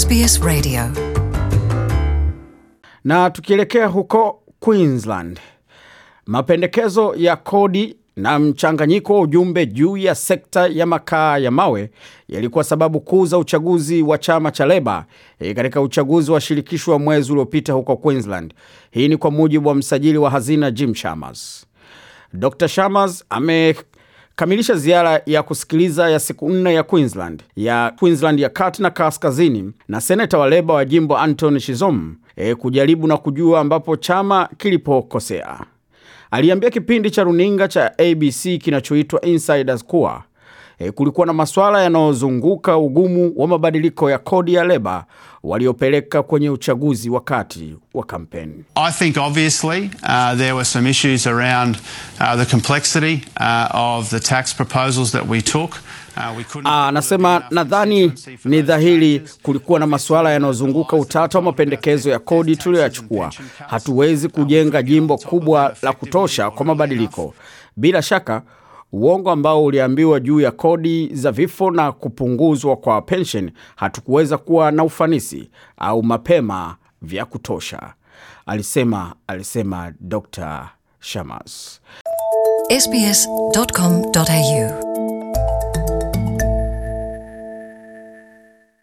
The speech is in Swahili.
SBS Radio. Na tukielekea huko Queensland, mapendekezo ya kodi na mchanganyiko wa ujumbe juu ya sekta ya makaa ya mawe yalikuwa sababu kuu za uchaguzi wa chama cha Leba e, eh, katika uchaguzi wa shirikisho wa mwezi uliopita huko Queensland. Hii ni kwa mujibu wa msajili wa hazina Jim Chalmers. Dr Chalmers ame kamilisha ziara ya kusikiliza ya siku nne ya Queensland ya Queensland ya kati na kaskazini na seneta wa leba wa jimbo Anton Shizom e, kujaribu na kujua ambapo chama kilipokosea. Aliambia kipindi cha runinga cha ABC kinachoitwa Insiders kuwa e, kulikuwa na masuala yanayozunguka ugumu wa mabadiliko ya kodi ya leba waliopeleka kwenye uchaguzi wakati wa kampeni. I think obviously uh, there were some issues around uh, the complexity uh, of the tax proposals that we took. Uh, ah, anasema nadhani ni dhahiri kulikuwa na masuala yanayozunguka utata wa mapendekezo ya kodi tuliyoyachukua. Hatuwezi kujenga jimbo kubwa la kutosha kwa mabadiliko. Bila shaka Uongo ambao uliambiwa juu ya kodi za vifo na kupunguzwa kwa penshen hatukuweza kuwa na ufanisi au mapema vya kutosha, alisema alisema Dr. Shamas.